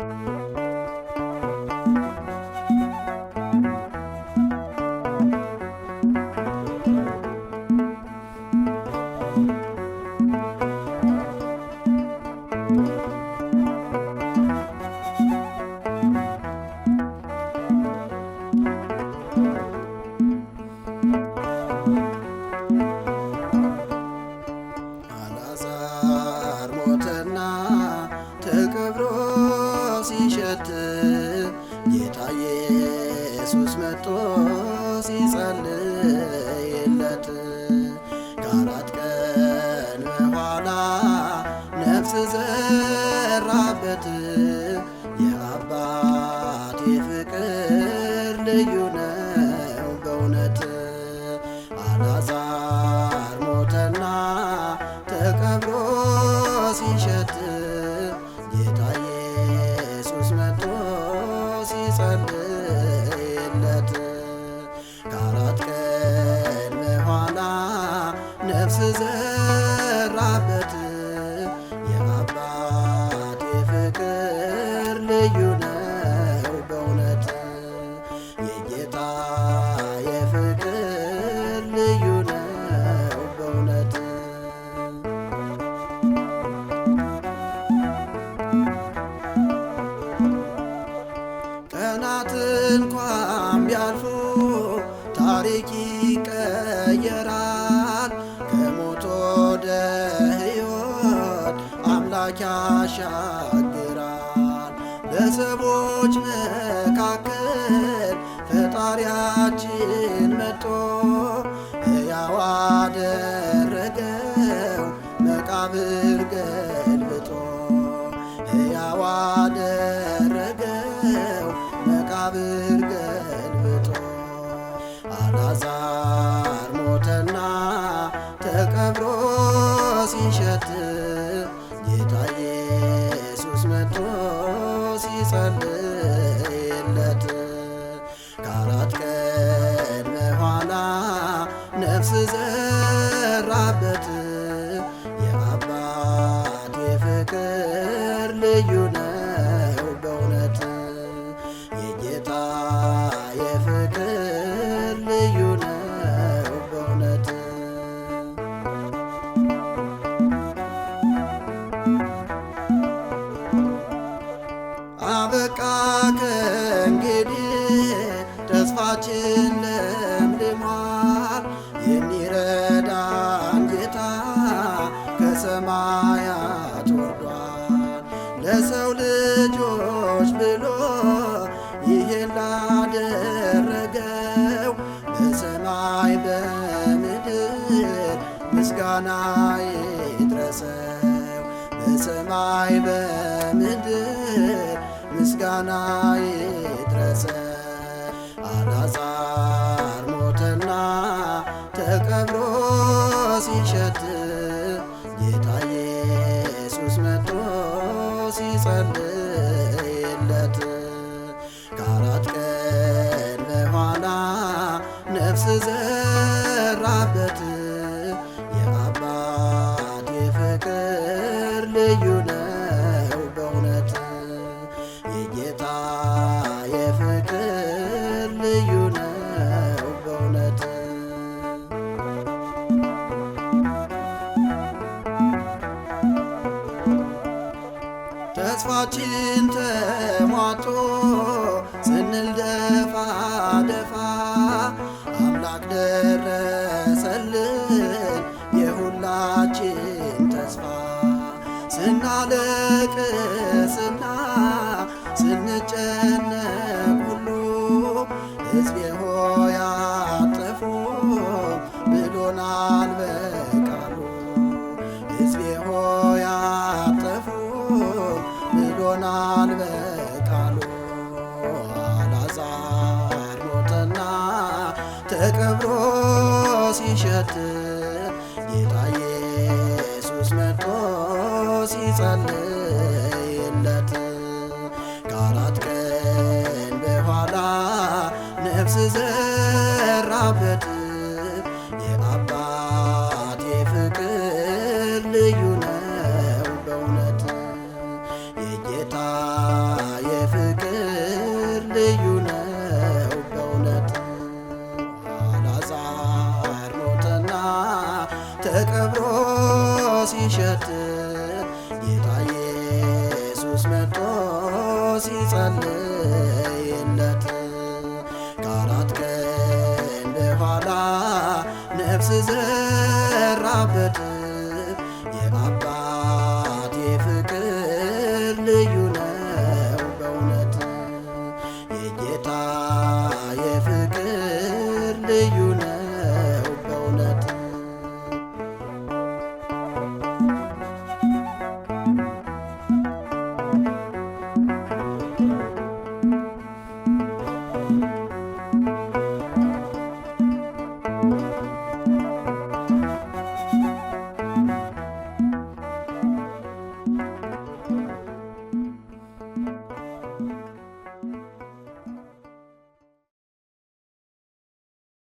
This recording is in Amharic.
Thank you. ቅዱስ መጥቶ ሲጸልይለት ከአራት ቀን በኋላ ነፍስ ዘራበት። የአባቴ ፍቅር ልዩ ነው በእውነት። አልዓዛር ሞተና ተቀብሮ ሲሸት ነፍስ ዘራበት የአባቴ ፍቅር ልዩ ነው በእውነት የጌታ የፍቅር ልዩ ነው በእውነት ቀናት እንኳን ቢያልፉ ታሪክ ይቀየራል ያሻግራል በሰዎች መካከል ፈጣሪያችን መጦ ሕያው አደረገው መቃብር ገልብጦ ሕያው አደረገው መቃብር ገልብጦ አላዛር ሞተና ተቀብሮ ሲሸት you now. ላደረገው በሰማይ በምድር ምስጋና ይድረሰው። በሰማይ በምድር ምስጋና ይድረሰው። አላዛር ሞተና ተቀብሮ ሲሸት ጌታ ኢየሱስ መጥቶ ሲጸልይ nada te ስናለቅስና ስንጨነቅ ሁሉ ሕዝቤ ሆይ አትጥፉ ብሎናል በቃሉ ሕዝቤ ሆይ አትጥፉ ብሎናል በቃሉ አልዓዛር ሞተና ተቀብሮ ሲሸት ጌታዬ ሲጸልይለት ከአራት ቀን በኋላ ነፍስ ዘራበት የአባቴ የፍቅር ልዩ ነው በእውነት የጌታ የፍቅር ልዩ ነው በእውነት አልዓዛር ሞተና ተቀብሮ ሲሸት ጌታ ኢየሱስ መጥቶ ሲጸልይለት ከአራት ቀን በኋላ ነፍስ ዘራበት የአባት የፍቅር ልዩ ነው በእውነት የጌታ የፍቅር ልዩ